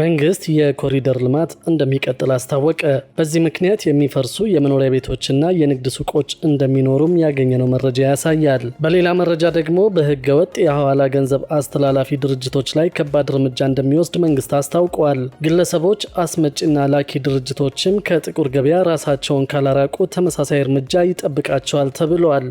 መንግስት የኮሪደር ልማት እንደሚቀጥል አስታወቀ። በዚህ ምክንያት የሚፈርሱ የመኖሪያ ቤቶችና የንግድ ሱቆች እንደሚኖሩም ያገኘነው መረጃ ያሳያል። በሌላ መረጃ ደግሞ በህገ ወጥ የሐዋላ ገንዘብ አስተላላፊ ድርጅቶች ላይ ከባድ እርምጃ እንደሚወስድ መንግስት አስታውቋል። ግለሰቦች፣ አስመጪና ላኪ ድርጅቶችም ከጥቁር ገበያ ራሳቸውን ካላራቁ ተመሳሳይ እርምጃ ይጠብቃቸዋል ተብሏል።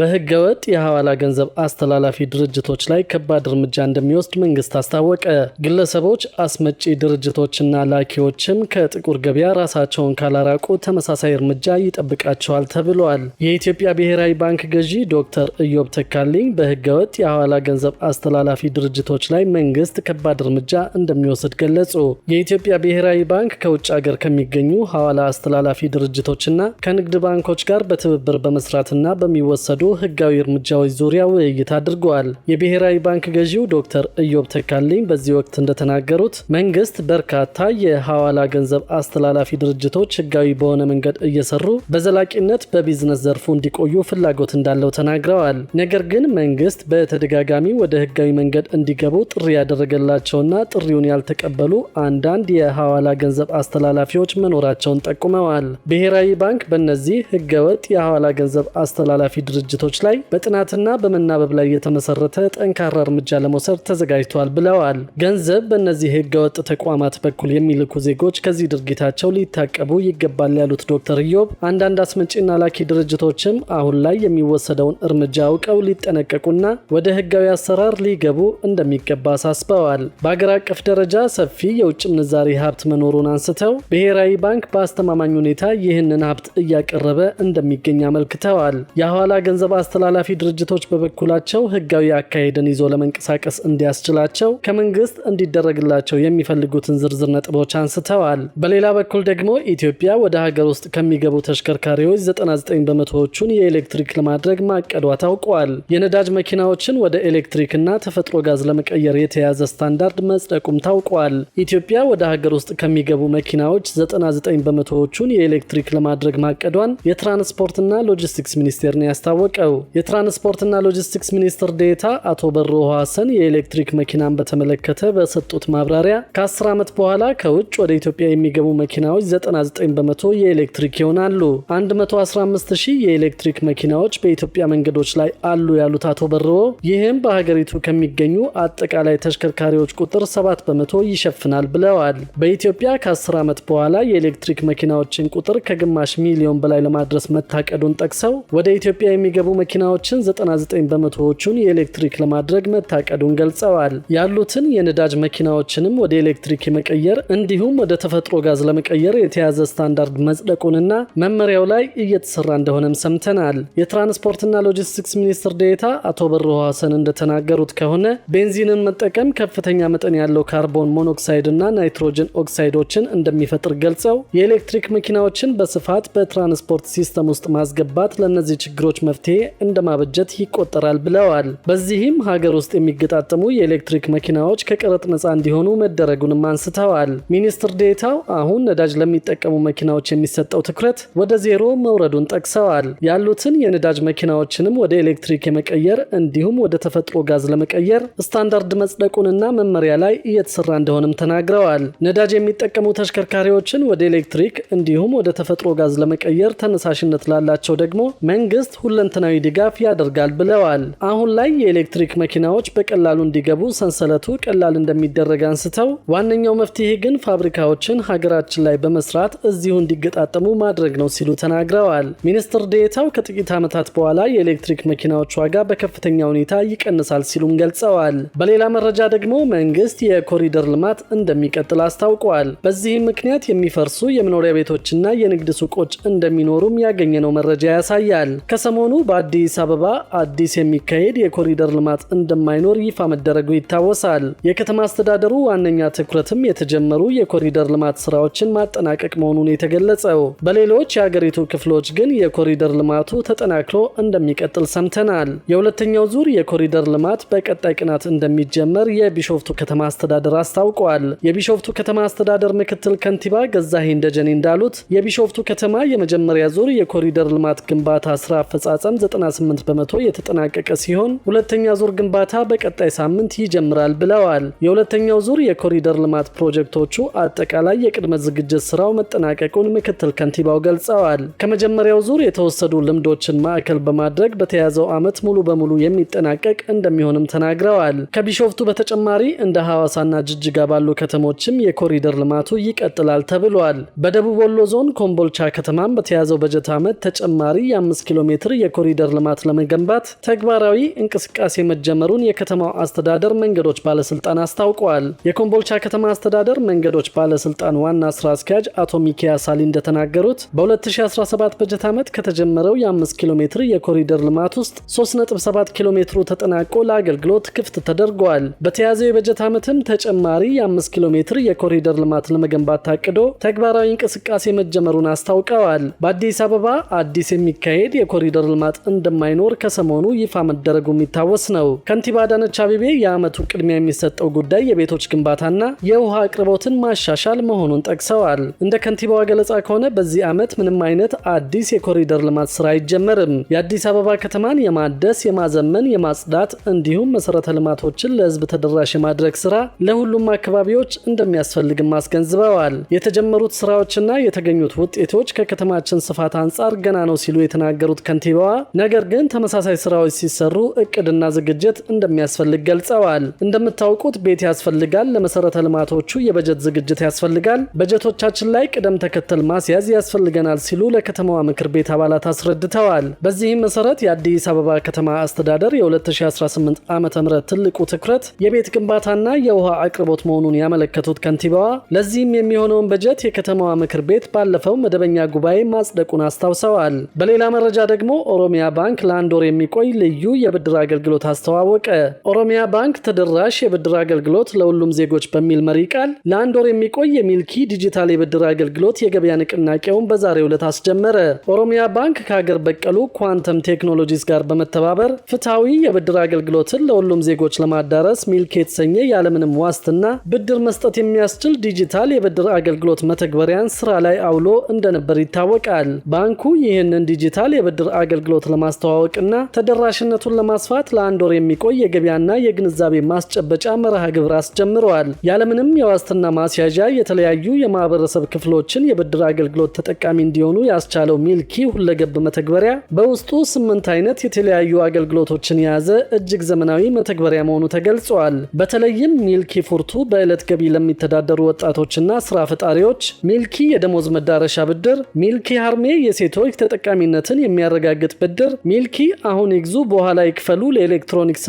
በህገ ወጥ የሐዋላ ገንዘብ አስተላላፊ ድርጅቶች ላይ ከባድ እርምጃ እንደሚወስድ መንግስት አስታወቀ። ግለሰቦች፣ አስመጪ ድርጅቶችና ላኪዎችም ከጥቁር ገበያ ራሳቸውን ካላራቁ ተመሳሳይ እርምጃ ይጠብቃቸዋል ተብሏል። የኢትዮጵያ ብሔራዊ ባንክ ገዢ ዶክተር እዮብ ተካልኝ በህገ ወጥ የሐዋላ ገንዘብ አስተላላፊ ድርጅቶች ላይ መንግስት ከባድ እርምጃ እንደሚወስድ ገለጹ። የኢትዮጵያ ብሔራዊ ባንክ ከውጭ አገር ከሚገኙ ሐዋላ አስተላላፊ ድርጅቶችና ከንግድ ባንኮች ጋር በትብብር በመስራትና በሚወሰዱ ህጋዊ እርምጃዎች ዙሪያ ውይይት አድርገዋል። የብሔራዊ ባንክ ገዢው ዶክተር እዮብ ተካልኝ በዚህ ወቅት እንደተናገሩት መንግስት በርካታ የሐዋላ ገንዘብ አስተላላፊ ድርጅቶች ህጋዊ በሆነ መንገድ እየሰሩ በዘላቂነት በቢዝነስ ዘርፉ እንዲቆዩ ፍላጎት እንዳለው ተናግረዋል። ነገር ግን መንግስት በተደጋጋሚ ወደ ህጋዊ መንገድ እንዲገቡ ጥሪ ያደረገላቸውና ጥሪውን ያልተቀበሉ አንዳንድ የሐዋላ ገንዘብ አስተላላፊዎች መኖራቸውን ጠቁመዋል። ብሔራዊ ባንክ በእነዚህ ህገወጥ የሐዋላ ገንዘብ አስተላላፊ ድርጅት ድርጅቶች ላይ በጥናትና በመናበብ ላይ የተመሰረተ ጠንካራ እርምጃ ለመውሰድ ተዘጋጅቷል ብለዋል። ገንዘብ በእነዚህ ህገወጥ ተቋማት በኩል የሚልኩ ዜጎች ከዚህ ድርጊታቸው ሊታቀቡ ይገባል ያሉት ዶክተር ኢዮብ አንዳንድ አስመጪና ላኪ ድርጅቶችም አሁን ላይ የሚወሰደውን እርምጃ አውቀው ሊጠነቀቁና ወደ ህጋዊ አሰራር ሊገቡ እንደሚገባ አሳስበዋል። በአገር አቀፍ ደረጃ ሰፊ የውጭ ምንዛሪ ሀብት መኖሩን አንስተው ብሔራዊ ባንክ በአስተማማኝ ሁኔታ ይህንን ሀብት እያቀረበ እንደሚገኝ አመልክተዋል። የኋላ ገንዘብ የገንዘብ አስተላላፊ ድርጅቶች በበኩላቸው ህጋዊ አካሄድን ይዞ ለመንቀሳቀስ እንዲያስችላቸው ከመንግስት እንዲደረግላቸው የሚፈልጉትን ዝርዝር ነጥቦች አንስተዋል። በሌላ በኩል ደግሞ ኢትዮጵያ ወደ ሀገር ውስጥ ከሚገቡ ተሽከርካሪዎች 99 በመቶዎቹን የኤሌክትሪክ ለማድረግ ማቀዷ ታውቋል። የነዳጅ መኪናዎችን ወደ ኤሌክትሪክና ተፈጥሮ ጋዝ ለመቀየር የተያዘ ስታንዳርድ መጽደቁም ታውቋል። ኢትዮጵያ ወደ ሀገር ውስጥ ከሚገቡ መኪናዎች 99 በመቶዎቹን የኤሌክትሪክ ለማድረግ ማቀዷን የትራንስፖርትና ሎጂስቲክስ ሚኒስቴር ነው ያስታወቀ አስታወቀው። የትራንስፖርትና ሎጂስቲክስ ሚኒስትር ዴታ አቶ በሮ ሀሰን የኤሌክትሪክ መኪናን በተመለከተ በሰጡት ማብራሪያ ከ10 ዓመት በኋላ ከውጭ ወደ ኢትዮጵያ የሚገቡ መኪናዎች 99 በመቶ የኤሌክትሪክ ይሆናሉ። 115 ሺህ የኤሌክትሪክ መኪናዎች በኢትዮጵያ መንገዶች ላይ አሉ ያሉት አቶ በርሆ ይህም በሀገሪቱ ከሚገኙ አጠቃላይ ተሽከርካሪዎች ቁጥር 7 በመቶ ይሸፍናል ብለዋል። በኢትዮጵያ ከ10 ዓመት በኋላ የኤሌክትሪክ መኪናዎችን ቁጥር ከግማሽ ሚሊዮን በላይ ለማድረስ መታቀዱን ጠቅሰው ወደ ኢትዮጵያ የሚገ የሚገቡ መኪናዎችን 99 በመቶዎቹን የኤሌክትሪክ ለማድረግ መታቀዱን ገልጸዋል። ያሉትን የነዳጅ መኪናዎችንም ወደ ኤሌክትሪክ የመቀየር እንዲሁም ወደ ተፈጥሮ ጋዝ ለመቀየር የተያዘ ስታንዳርድ መጽደቁንና መመሪያው ላይ እየተሰራ እንደሆነም ሰምተናል። የትራንስፖርትና ሎጂስቲክስ ሚኒስትር ዴኤታ አቶ በርሆ ሀሰን እንደተናገሩት ከሆነ ቤንዚንን መጠቀም ከፍተኛ መጠን ያለው ካርቦን ሞኖክሳይድ ናይትሮጅን ኦክሳይዶችን እንደሚፈጥር ገልጸው የኤሌክትሪክ መኪናዎችን በስፋት በትራንስፖርት ሲስተም ውስጥ ማስገባት ለእነዚህ ችግሮች መፍትሄ መፍትሄ እንደማበጀት ይቆጠራል ብለዋል። በዚህም ሀገር ውስጥ የሚገጣጠሙ የኤሌክትሪክ መኪናዎች ከቀረጥ ነጻ እንዲሆኑ መደረጉንም አንስተዋል። ሚኒስትር ዴታው አሁን ነዳጅ ለሚጠቀሙ መኪናዎች የሚሰጠው ትኩረት ወደ ዜሮ መውረዱን ጠቅሰዋል። ያሉትን የነዳጅ መኪናዎችንም ወደ ኤሌክትሪክ የመቀየር እንዲሁም ወደ ተፈጥሮ ጋዝ ለመቀየር ስታንዳርድ መጽደቁንና መመሪያ ላይ እየተሰራ እንደሆነም ተናግረዋል። ነዳጅ የሚጠቀሙ ተሽከርካሪዎችን ወደ ኤሌክትሪክ እንዲሁም ወደ ተፈጥሮ ጋዝ ለመቀየር ተነሳሽነት ላላቸው ደግሞ መንግስት ሁለንተ ሁለንተናዊ ድጋፍ ያደርጋል ብለዋል። አሁን ላይ የኤሌክትሪክ መኪናዎች በቀላሉ እንዲገቡ ሰንሰለቱ ቀላል እንደሚደረግ አንስተው ዋነኛው መፍትሄ ግን ፋብሪካዎችን ሀገራችን ላይ በመስራት እዚሁ እንዲገጣጠሙ ማድረግ ነው ሲሉ ተናግረዋል። ሚኒስትር ዴታው ከጥቂት ዓመታት በኋላ የኤሌክትሪክ መኪናዎች ዋጋ በከፍተኛ ሁኔታ ይቀንሳል ሲሉም ገልጸዋል። በሌላ መረጃ ደግሞ መንግስት የኮሪደር ልማት እንደሚቀጥል አስታውቋል። በዚህም ምክንያት የሚፈርሱ የመኖሪያ ቤቶችና የንግድ ሱቆች እንደሚኖሩም ያገኘነው መረጃ ያሳያል። ከሰሞኑ በአዲስ አበባ አዲስ የሚካሄድ የኮሪደር ልማት እንደማይኖር ይፋ መደረጉ ይታወሳል። የከተማ አስተዳደሩ ዋነኛ ትኩረትም የተጀመሩ የኮሪደር ልማት ስራዎችን ማጠናቀቅ መሆኑን የተገለጸው፣ በሌሎች የአገሪቱ ክፍሎች ግን የኮሪደር ልማቱ ተጠናክሎ እንደሚቀጥል ሰምተናል። የሁለተኛው ዙር የኮሪደር ልማት በቀጣይ ቅናት እንደሚጀመር የቢሾፍቱ ከተማ አስተዳደር አስታውቋል። የቢሾፍቱ ከተማ አስተዳደር ምክትል ከንቲባ ገዛሄ እንደጀኔ እንዳሉት የቢሾፍቱ ከተማ የመጀመሪያ ዙር የኮሪደር ልማት ግንባታ ስራ አፈጻጸም ግንባታም 98 በመቶ የተጠናቀቀ ሲሆን ሁለተኛ ዙር ግንባታ በቀጣይ ሳምንት ይጀምራል ብለዋል። የሁለተኛው ዙር የኮሪደር ልማት ፕሮጀክቶቹ አጠቃላይ የቅድመ ዝግጅት ስራው መጠናቀቁን ምክትል ከንቲባው ገልጸዋል። ከመጀመሪያው ዙር የተወሰዱ ልምዶችን ማዕከል በማድረግ በተያዘው ዓመት ሙሉ በሙሉ የሚጠናቀቅ እንደሚሆንም ተናግረዋል። ከቢሾፍቱ በተጨማሪ እንደ ሐዋሳና ጅጅጋ ባሉ ከተሞችም የኮሪደር ልማቱ ይቀጥላል ተብሏል። በደቡብ ወሎ ዞን ኮምቦልቻ ከተማም በተያዘው በጀት ዓመት ተጨማሪ የ5 ኪሎ ሜትር ኮሪደር ልማት ለመገንባት ተግባራዊ እንቅስቃሴ መጀመሩን የከተማው አስተዳደር መንገዶች ባለስልጣን አስታውቀዋል። የኮምቦልቻ ከተማ አስተዳደር መንገዶች ባለስልጣን ዋና ስራ አስኪያጅ አቶ ሚኪያ ሳሊ እንደተናገሩት በ2017 በጀት ዓመት ከተጀመረው የ5 ኪሎ ሜትር የኮሪደር ልማት ውስጥ 3.7 ኪሎ ሜትሩ ተጠናቆ ለአገልግሎት ክፍት ተደርጓል። በተያዘው የበጀት ዓመትም ተጨማሪ የ5 ኪሎ ሜትር የኮሪደር ልማት ለመገንባት ታቅዶ ተግባራዊ እንቅስቃሴ መጀመሩን አስታውቀዋል። በአዲስ አበባ አዲስ የሚካሄድ የኮሪደር ልማት ሽልማት እንደማይኖር ከሰሞኑ ይፋ መደረጉ የሚታወስ ነው። ከንቲባ አዳነች አቤቤ የዓመቱ ቅድሚያ የሚሰጠው ጉዳይ የቤቶች ግንባታና የውሃ አቅርቦትን ማሻሻል መሆኑን ጠቅሰዋል። እንደ ከንቲባዋ ገለጻ ከሆነ በዚህ ዓመት ምንም አይነት አዲስ የኮሪደር ልማት ስራ አይጀመርም። የአዲስ አበባ ከተማን የማደስ የማዘመን፣ የማጽዳት እንዲሁም መሰረተ ልማቶችን ለህዝብ ተደራሽ የማድረግ ስራ ለሁሉም አካባቢዎች እንደሚያስፈልግም አስገንዝበዋል። የተጀመሩት ስራዎችና የተገኙት ውጤቶች ከከተማችን ስፋት አንጻር ገና ነው ሲሉ የተናገሩት ከንቲባዋ ነገር ግን ተመሳሳይ ስራዎች ሲሰሩ እቅድና ዝግጅት እንደሚያስፈልግ ገልጸዋል። እንደምታውቁት ቤት ያስፈልጋል፣ ለመሰረተ ልማቶቹ የበጀት ዝግጅት ያስፈልጋል፣ በጀቶቻችን ላይ ቅደም ተከተል ማስያዝ ያስፈልገናል ሲሉ ለከተማዋ ምክር ቤት አባላት አስረድተዋል። በዚህም መሰረት የአዲስ አበባ ከተማ አስተዳደር የ2018 ዓ ም ትልቁ ትኩረት የቤት ግንባታና የውሃ አቅርቦት መሆኑን ያመለከቱት ከንቲባዋ ለዚህም የሚሆነውን በጀት የከተማዋ ምክር ቤት ባለፈው መደበኛ ጉባኤ ማጽደቁን አስታውሰዋል። በሌላ መረጃ ደግሞ ኦሮ ኦሮሚያ ባንክ ለአንድ ወር የሚቆይ ልዩ የብድር አገልግሎት አስተዋወቀ። ኦሮሚያ ባንክ ተደራሽ የብድር አገልግሎት ለሁሉም ዜጎች በሚል መሪ ቃል ለአንድ ወር የሚቆይ የሚልኪ ዲጂታል የብድር አገልግሎት የገበያ ንቅናቄውን በዛሬው ዕለት አስጀመረ። ኦሮሚያ ባንክ ከሀገር በቀሉ ኳንተም ቴክኖሎጂስ ጋር በመተባበር ፍትሐዊ የብድር አገልግሎትን ለሁሉም ዜጎች ለማዳረስ ሚልኪ የተሰኘ ያለምንም ዋስትና ብድር መስጠት የሚያስችል ዲጂታል የብድር አገልግሎት መተግበሪያን ስራ ላይ አውሎ እንደነበር ይታወቃል። ባንኩ ይህንን ዲጂታል የብድር አገልግሎት አገልግሎት ለማስተዋወቅና ተደራሽነቱን ለማስፋት ለአንድ ወር የሚቆይ የገበያና የግንዛቤ ማስጨበጫ መርሃ ግብር አስጀምረዋል። ያለምንም የዋስትና ማስያዣ የተለያዩ የማህበረሰብ ክፍሎችን የብድር አገልግሎት ተጠቃሚ እንዲሆኑ ያስቻለው ሚልኪ ሁለገብ መተግበሪያ በውስጡ ስምንት አይነት የተለያዩ አገልግሎቶችን የያዘ እጅግ ዘመናዊ መተግበሪያ መሆኑ ተገልጿል። በተለይም ሚልኪ ፉርቱ በዕለት ገቢ ለሚተዳደሩ ወጣቶችና ስራ ፈጣሪዎች፣ ሚልኪ የደሞዝ መዳረሻ ብድር፣ ሚልኪ ሀርሜ የሴቶች ተጠቃሚነትን የሚያረጋግጥ ብድር ሚልኪ አሁን ይግዙ በኋላ ይክፈሉ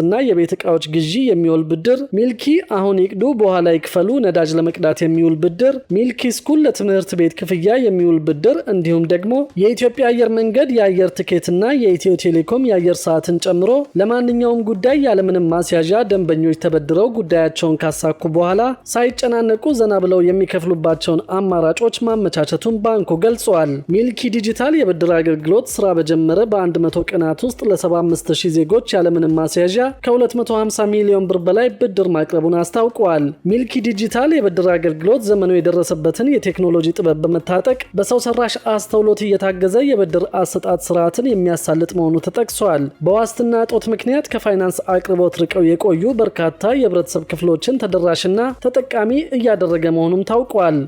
እና የቤት እቃዎች ግዢ የሚውል ብድር ሚልኪ አሁን ይቅዱ በኋላ ይክፈሉ ነዳጅ ለመቅዳት የሚውል ብድር ሚልኪ ስኩል ለትምህርት ቤት ክፍያ የሚውል ብድር እንዲሁም ደግሞ የኢትዮጵያ አየር መንገድ የአየር ትኬትና የኢትዮ ቴሌኮም የአየር ሰዓትን ጨምሮ ለማንኛውም ጉዳይ ያለምንም ማስያዣ ደንበኞች ተበድረው ጉዳያቸውን ካሳኩ በኋላ ሳይጨናነቁ ዘና ብለው የሚከፍሉባቸውን አማራጮች ማመቻቸቱን ባንኩ ገልጿል። ሚልኪ ዲጂታል የብድር አገልግሎት ስራ በጀመረ በ በ100 ቀናት ውስጥ ለ75000 ዜጎች ያለምንም ማስያዣ ከ250 ሚሊዮን ብር በላይ ብድር ማቅረቡን አስታውቋል። ሚልኪ ዲጂታል የብድር አገልግሎት ዘመኑ የደረሰበትን የቴክኖሎጂ ጥበብ በመታጠቅ በሰው ሰራሽ አስተውሎት እየታገዘ የብድር አሰጣጥ ስርዓትን የሚያሳልጥ መሆኑ ተጠቅሷል። በዋስትና እጦት ምክንያት ከፋይናንስ አቅርቦት ርቀው የቆዩ በርካታ የህብረተሰብ ክፍሎችን ተደራሽና ተጠቃሚ እያደረገ መሆኑም ታውቋል።